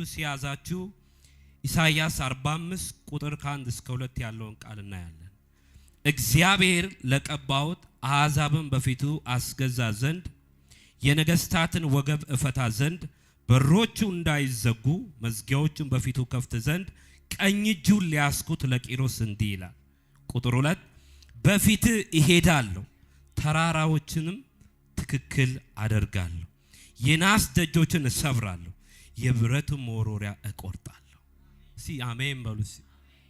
ቅዱስ የያዛችሁ ኢሳይያስ 45 ቁጥር ከ1 እስከ ሁለት ያለውን ቃል እናያለን። እግዚአብሔር ለቀባሁት አሕዛብን በፊቱ አስገዛ ዘንድ የነገስታትን ወገብ እፈታ ዘንድ በሮቹ እንዳይዘጉ መዝጊያዎቹን በፊቱ ከፍት ዘንድ ቀኝ እጁን ሊያስኩት ለቂሮስ እንዲህ ይላል። ቁጥር ሁለት በፊት እሄዳለሁ ተራራዎችንም ትክክል አደርጋለሁ፣ የናስ ደጆችን እሰብራለሁ የብረቱ መወርወሪያ እቆርጣለሁ። ሲ አሜን በሉ።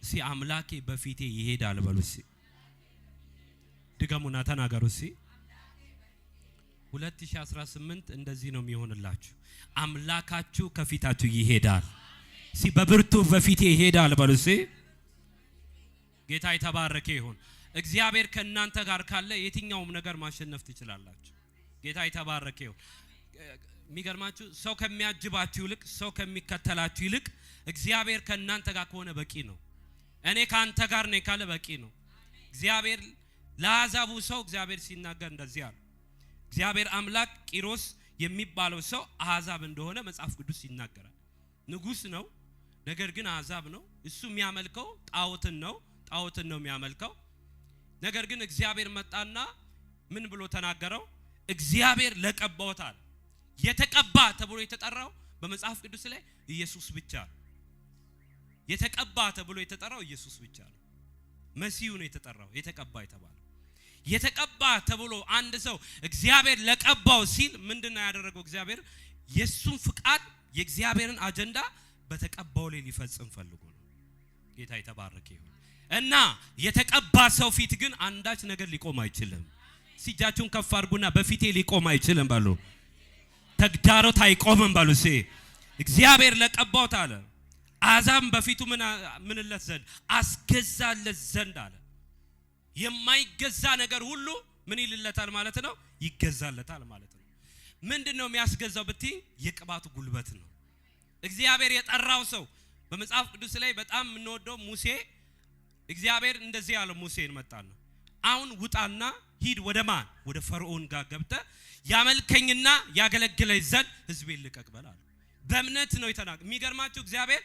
ሲ አምላኬ በፊቴ ይሄዳል በሉ። ሲ ድገሙና ተናገሩ። ሲ 2018 እንደዚህ ነው የሚሆንላችሁ። አምላካችሁ ከፊታችሁ ይሄዳል። ሲ በብርቱ በፊቴ ይሄዳል በሉ። ሲ ጌታ የተባረከ ይሁን። እግዚአብሔር ከእናንተ ጋር ካለ የትኛውም ነገር ማሸነፍ ትችላላችሁ። ጌታ የተባረከ ይሁን። የሚገርማችሁ ሰው ከሚያጅባችሁ ይልቅ ሰው ከሚከተላችሁ ይልቅ እግዚአብሔር ከእናንተ ጋር ከሆነ በቂ ነው። እኔ ከአንተ ጋር ነኝ ካለ በቂ ነው። እግዚአብሔር ለአሕዛቡ ሰው እግዚአብሔር ሲናገር እንደዚህ አለ። እግዚአብሔር አምላክ ቂሮስ የሚባለው ሰው አሕዛብ እንደሆነ መጽሐፍ ቅዱስ ይናገራል። ንጉሥ ነው፣ ነገር ግን አሕዛብ ነው። እሱ የሚያመልከው ጣዖትን ነው፣ ጣዖትን ነው የሚያመልከው። ነገር ግን እግዚአብሔር መጣና ምን ብሎ ተናገረው? እግዚአብሔር ለቀባውታል የተቀባ ተብሎ የተጠራው በመጽሐፍ ቅዱስ ላይ ኢየሱስ ብቻ ነው። የተቀባ ተብሎ የተጠራው ኢየሱስ ብቻ ነው። መሲሁ ነው የተጠራው የተቀባ የተባለው። የተቀባ ተብሎ አንድ ሰው እግዚአብሔር ለቀባው ሲል ምንድን ነው ያደረገው? እግዚአብሔር የሱን ፍቃድ የእግዚአብሔርን አጀንዳ በተቀባው ላይ ሊፈጽም ፈልጎ ነው። ጌታ የተባረከ ይሁን እና የተቀባ ሰው ፊት ግን አንዳች ነገር ሊቆም አይችልም። ሲጃችሁን ከፍ አድርጉና በፊቴ ሊቆም አይችልም በሉ ተግዳሮት አይቆምም በሉ ሲ እግዚአብሔር ለቀባውት አለ አዛም በፊቱ ምንለት ዘንድ አስገዛለት ዘንድ አለ። የማይገዛ ነገር ሁሉ ምን ይልለታል ማለት ነው? ይገዛለታል ማለት ነው። ምንድን ነው የሚያስገዛው ብትይ የቅባቱ ጉልበት ነው። እግዚአብሔር የጠራው ሰው በመጽሐፍ ቅዱስ ላይ በጣም የምንወደው ሙሴ እግዚአብሔር እንደዚህ ያለው ሙሴን መጣ ነው አሁን ውጣና ሂድ ወደ ማን ወደ ፈርዖን ጋር ገብተ ያመልከኝና ያገለግለኝ ዘንድ ህዝቤ ልቀቅበል አለ በእምነት ነው የተናገ የሚገርማችሁ እግዚአብሔር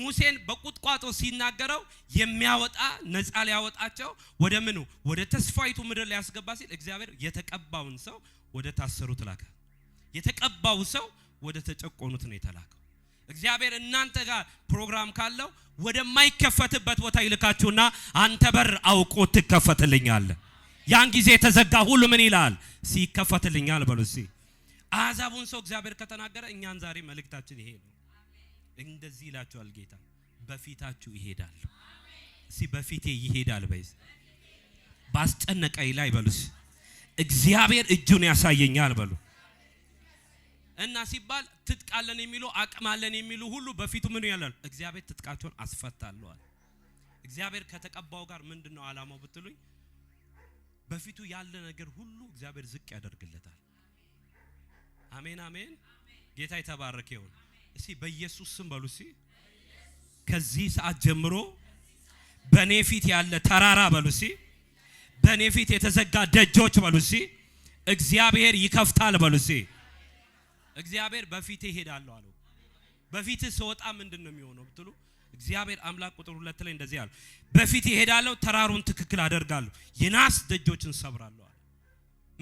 ሙሴን በቁጥቋጦ ሲናገረው የሚያወጣ ነፃ ሊያወጣቸው ወደ ምኑ ወደ ተስፋይቱ ምድር ሊያስገባ ሲል እግዚአብሔር የተቀባውን ሰው ወደ ታሰሩት ላከ። የተቀባው ሰው ወደ ተጨቆኑት ነው የተላከው። እግዚአብሔር እናንተ ጋር ፕሮግራም ካለው ወደማይከፈትበት ቦታ ይልካችሁና አንተ በር አውቆ ትከፈትልኛለህ። ያን ጊዜ የተዘጋ ሁሉ ምን ይላል? ሲከፈትልኛል በሉ። እስኪ አሕዛቡን ሰው እግዚአብሔር ከተናገረ እኛን ዛሬ መልእክታችን ይሄ ነው። እንደዚህ ይላቸዋል ጌታ፣ በፊታችሁ ይሄዳል። እስኪ በፊቴ ይሄዳል በይስ ባስጨነቀኝ ላይ በሉስ እግዚአብሔር እጁን ያሳየኛል በሉ እና ሲባል ትጥቃለን የሚሉ አቅማለን የሚሉ ሁሉ በፊቱ ምን ያላል? እግዚአብሔር ትጥቃቸውን አስፈታለዋል። እግዚአብሔር ከተቀባው ጋር ምንድን ነው አላማው ብትሉኝ በፊቱ ያለ ነገር ሁሉ እግዚአብሔር ዝቅ ያደርግለታል። አሜን አሜን። ጌታ የተባረከ ይሁን። እስቲ በኢየሱስ ስም በሉ። እስቲ ከዚህ ሰዓት ጀምሮ በኔ ፊት ያለ ተራራ በሉ እስቲ፣ በኔ ፊት የተዘጋ ደጆች በሉ እስቲ፣ እግዚአብሔር ይከፍታል በሉ እስቲ። እግዚአብሔር በፊት ይሄዳለሁ አለው። በፊትህ ስወጣ ምንድን ነው የሚሆነው ብትሉ እግዚአብሔር አምላክ ቁጥር ሁለት ላይ እንደዚህ አለ፣ በፊት ይሄዳለሁ፣ ተራሩን ትክክል አደርጋለሁ፣ የናስ ደጆችን ሰብራለሁ።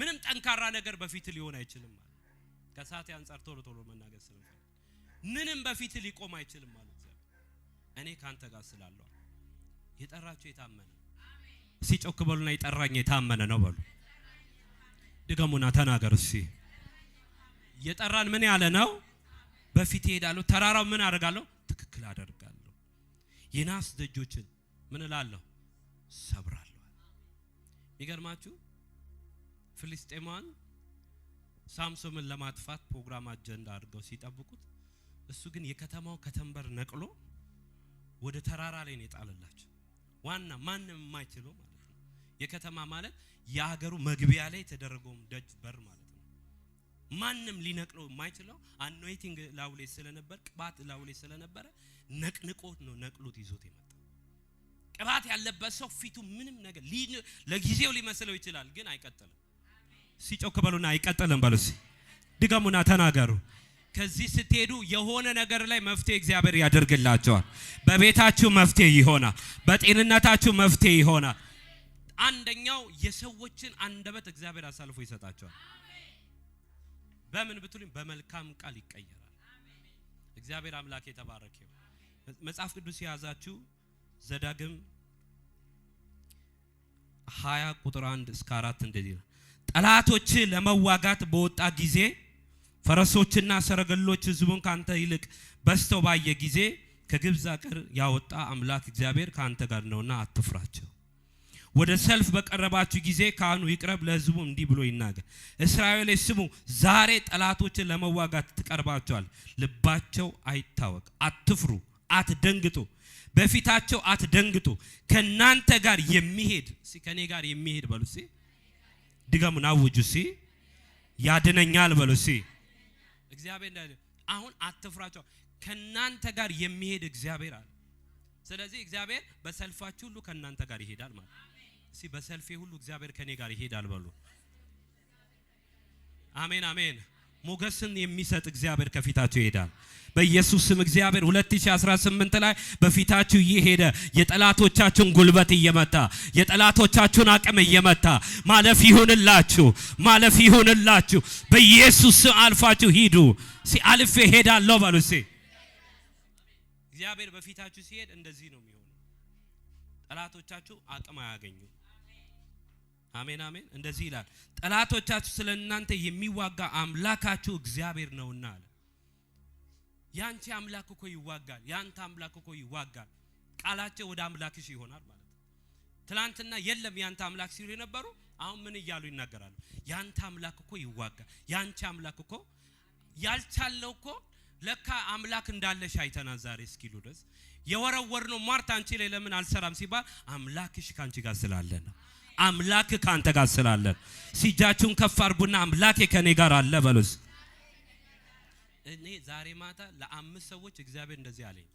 ምንም ጠንካራ ነገር በፊት ሊሆን አይችልም ማለት ከሰዓት አንጻር ቶሎ ቶሎ መናገር ስለምፈልግ ምንም በፊት ሊቆም አይችልም ማለት እኔ ካንተ ጋር ስላለሁ የጠራችሁ የታመነ ሲጮክ በሉና የጠራኝ የታመነ ነው በሉ። ድገሙና ተናገር እስቲ የጠራን ምን ያለ ነው? በፊት እሄዳለሁ፣ ተራራው ምን አደርጋለሁ? ትክክል አደርጋለሁ። የናስ ደጆችን ምን እላለሁ? ሰብራለሁ። ይገርማችሁ ፍልስጤማን ሳምሶንን ለማጥፋት ፕሮግራም አጀንዳ አድርገው ሲጠብቁት እሱ ግን የከተማው ከተንበር ነቅሎ ወደ ተራራ ላይ ነው የጣለላቸው። ዋና ማንም የማይችለው ማለት ነው። የከተማ ማለት የሀገሩ መግቢያ ላይ የተደረገውም ደጅ በር ማለት ነው። ማንም ሊነቅለው የማይችለው አኖይቲንግ ላው ላይ ስለነበር ቅባት ላው ላይ ስለነበረ ነቅንቆት ነው ነቅሎት ይዞት የመጣ ቅባት ያለበት ሰው ፊቱ ምንም ነገር ለጊዜው ሊመስለው ይችላል፣ ግን አይቀጥልም። ሲጮክ በሉና አይቀጥልም በሉ። ድገሙና ተናገሩ። ከዚህ ስትሄዱ የሆነ ነገር ላይ መፍትሄ እግዚአብሔር ያደርግላቸዋል። በቤታችሁ መፍትሄ ይሆናል። በጤንነታችሁ መፍትሄ ይሆናል። አንደኛው የሰዎችን አንደበት እግዚአብሔር አሳልፎ ይሰጣቸዋል። በምን ብትሉኝ በመልካም ቃል ይቀየራል። እግዚአብሔር አምላክ የተባረከ መጽሐፍ ቅዱስ የያዛችሁ ዘዳግም ሀያ ቁጥር አንድ እስከ አራት እንደዚህ ነው። ጠላቶች ለመዋጋት በወጣ ጊዜ ፈረሶችና ሰረገሎች ህዝቡን ካንተ ይልቅ በዝተው ባየ ጊዜ ከግብፅ አገር ያወጣ አምላክ እግዚአብሔር ካንተ ጋር ነውና አትፍራቸው። ወደ ሰልፍ በቀረባችሁ ጊዜ ካህኑ ይቅረብ፣ ለህዝቡ እንዲህ ብሎ ይናገር። እስራኤል ስሙ፣ ዛሬ ጠላቶችን ለመዋጋት ትቀርባቸዋል። ልባቸው አይታወቅ፣ አትፍሩ፣ አትደንግጡ፣ በፊታቸው አትደንግጡ። ከእናንተ ጋር የሚሄድ ከእኔ ጋር የሚሄድ በሉ ሲ ድገሙን፣ አውጁ ሲ ያድነኛል በሉ ሲ እግዚአብሔር አሁን አትፍራቸው፣ ከእናንተ ጋር የሚሄድ እግዚአብሔር አለ። ስለዚህ እግዚአብሔር በሰልፋችሁ ሁሉ ከእናንተ ጋር ይሄዳል ማለት ነው። እስቲ በሰልፌ ሁሉ እግዚአብሔር ከኔ ጋር ይሄዳል በሉ። አሜን አሜን። ሞገስን የሚሰጥ እግዚአብሔር ከፊታችሁ ይሄዳል። በኢየሱስ ስም እግዚአብሔር 2018 ላይ በፊታችሁ እየሄደ የጠላቶቻችሁን ጉልበት እየመታ የጠላቶቻችሁን አቅም እየመታ ማለፍ ይሁንላችሁ፣ ማለፍ ይሁንላችሁ። በኢየሱስ ስም አልፋችሁ ሂዱ። አልፌ እሄዳለሁ በሉ። እግዚአብሔር በፊታችሁ ሲሄድ እንደዚህ ነው የሚሆነው። ጠላቶቻችሁ አቅም አያገኙ አሜን አሜን። እንደዚህ ይላል ጠላቶቻችሁ ስለ እናንተ የሚዋጋ አምላካችሁ እግዚአብሔር ነውና አለ። ያንቺ አምላክ እኮ ይዋጋል፣ ያንተ አምላክ እኮ ይዋጋል። ቃላቸው ወደ አምላክሽ ይሆናል ማለት ነው። ትናንትና የለም ያንተ አምላክ ሲሉ የነበሩ አሁን ምን እያሉ ይናገራሉ? ያንተ አምላክ እኮ ይዋጋል፣ ያንቺ አምላክ እኮ ያልቻለው እኮ ለካ አምላክ እንዳለሽ አይተናል ዛሬ እስኪሉ ድረስ የወረወር ነው። ማርታ አንቺ ላይ ለምን አልሰራም ሲባል አምላክሽ ካንቺ ጋር ስላለ ነው። አምላክ ከአንተ ጋር ስላለ ሲጃችሁን ከፍ አድርጉና አምላክ ከኔ ጋር አለ በሉስ። እኔ ዛሬ ማታ ለአምስት ሰዎች እግዚአብሔር እንደዚህ አለኝ፣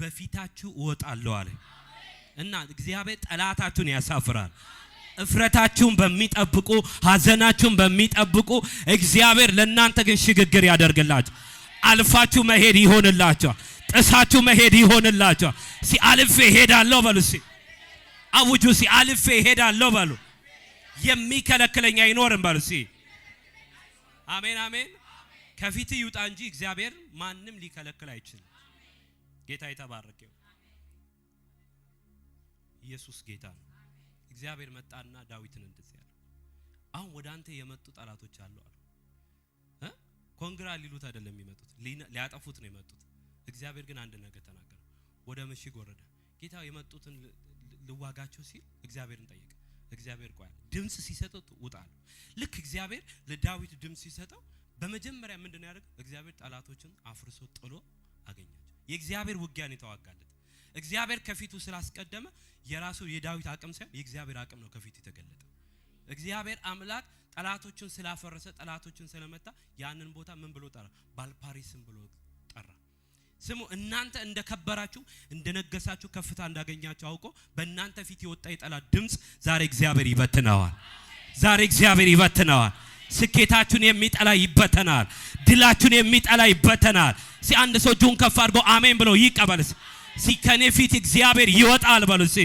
በፊታችሁ እወጣለሁ አለ እና እግዚአብሔር ጠላታችሁን ያሳፍራል። እፍረታችሁን በሚጠብቁ ሀዘናችሁን በሚጠብቁ እግዚአብሔር ለእናንተ ግን ሽግግር ያደርግላችሁ። አልፋችሁ መሄድ ይሆንላችኋል። ጥሳችሁ መሄድ ይሆንላችኋል። ሲ አልፌ ሄዳለሁ በሉሲ አውጁ። ሲ አልፌ እሄዳለሁ በሉ። የሚከለክለኝ አይኖርም በሉ። ሲ አሜን፣ አሜን። ከፊት ይውጣ እንጂ እግዚአብሔር ማንም ሊከለክል አይችልም። ጌታ የተባረከው ኢየሱስ ጌታ ነው። እግዚአብሔር መጣና ዳዊትን እንደዚህ ያለው አሁን ወደ አንተ የመጡ ጠላቶች አሉ አሉ ኮንግራ ሊሉት አይደለም የሚመጡት ሊያጠፉት ነው የመጡት። እግዚአብሔር ግን አንድ ነገር ተናገረ። ወደ ምሽግ ወረደ። ጌታ የመጡትን ልዋጋቸው ሲል እግዚአብሔርን ጠየቀ። እግዚአብሔር ቆይ ድምፅ ሲሰጠው ውጣሉ። ልክ እግዚአብሔር ለዳዊት ድምፅ ሲሰጠው በመጀመሪያ ምንድን ነው ያደረገው? እግዚአብሔር ጠላቶችን አፍርሶ ጥሎ አገኛቸው። የእግዚአብሔር ውጊያን የተዋጋለት እግዚአብሔር ከፊቱ ስላስቀደመ የራሱ የዳዊት አቅም ሳይሆን የእግዚአብሔር አቅም ነው ከፊቱ የተገለጠ። እግዚአብሔር አምላክ ጠላቶችን ስላፈረሰ ጠላቶችን ስለመታ ያንን ቦታ ምን ብሎ ጠራ? ባልፓሪስም ብሎ ስሙ እናንተ እንደከበራችሁ እንደነገሳችሁ ከፍታ እንዳገኛችሁ አውቆ በእናንተ ፊት የወጣ የጠላት ድምፅ ዛሬ እግዚአብሔር ይበትነዋል። ዛሬ እግዚአብሔር ይበትነዋል። ስኬታችሁን የሚጠላ ይበተናል። ድላችሁን የሚጠላ ይበተናል። ሲ አንድ ሰው እጁን ከፍ አድርጎ አሜን ብሎ ይቀበል። ሲ ከኔ ፊት እግዚአብሔር ይወጣል በሉ። ሲ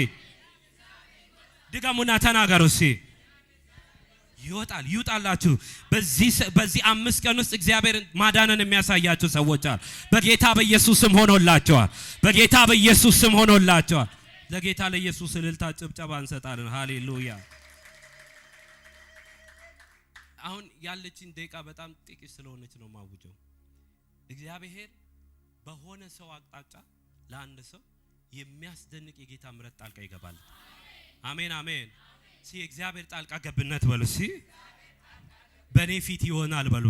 ድገሙና ተናገሩ። ሲ ይወጣል ይውጣላችሁ። በዚህ አምስት ቀን ውስጥ እግዚአብሔር ማዳንን የሚያሳያችሁ ሰዎች አሉ። በጌታ ስም ሆኖላቸዋል። በጌታ ስም ሆኖላቸዋል። ለጌታ ለኢየሱስ እልልታ ጭብጨባ እንሰጣለን። ሃሌሉያ። አሁን ያለችን ደቂቃ በጣም ጥቂት ስለሆነች ነው ማውጀው። እግዚአብሔር በሆነ ሰው አቅጣጫ ለአንድ ሰው የሚያስደንቅ የጌታ ምረት ጣልቃ ይገባል። አሜን አሜን። ሲ እግዚአብሔር ጣልቃ ገብነት በሉ። ሲ በኔ ፊት ይሆናል በሉ።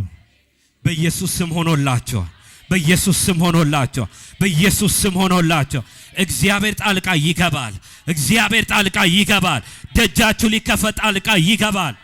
በኢየሱስ ስም ሆኖላቸዋል። በኢየሱስ ስም ሆኖላቸው፣ በኢየሱስ ስም ሆኖላቸው። እግዚአብሔር ጣልቃ ይገባል። እግዚአብሔር ጣልቃ ይገባል። ደጃችሁ ሊከፈት ጣልቃ ይገባል።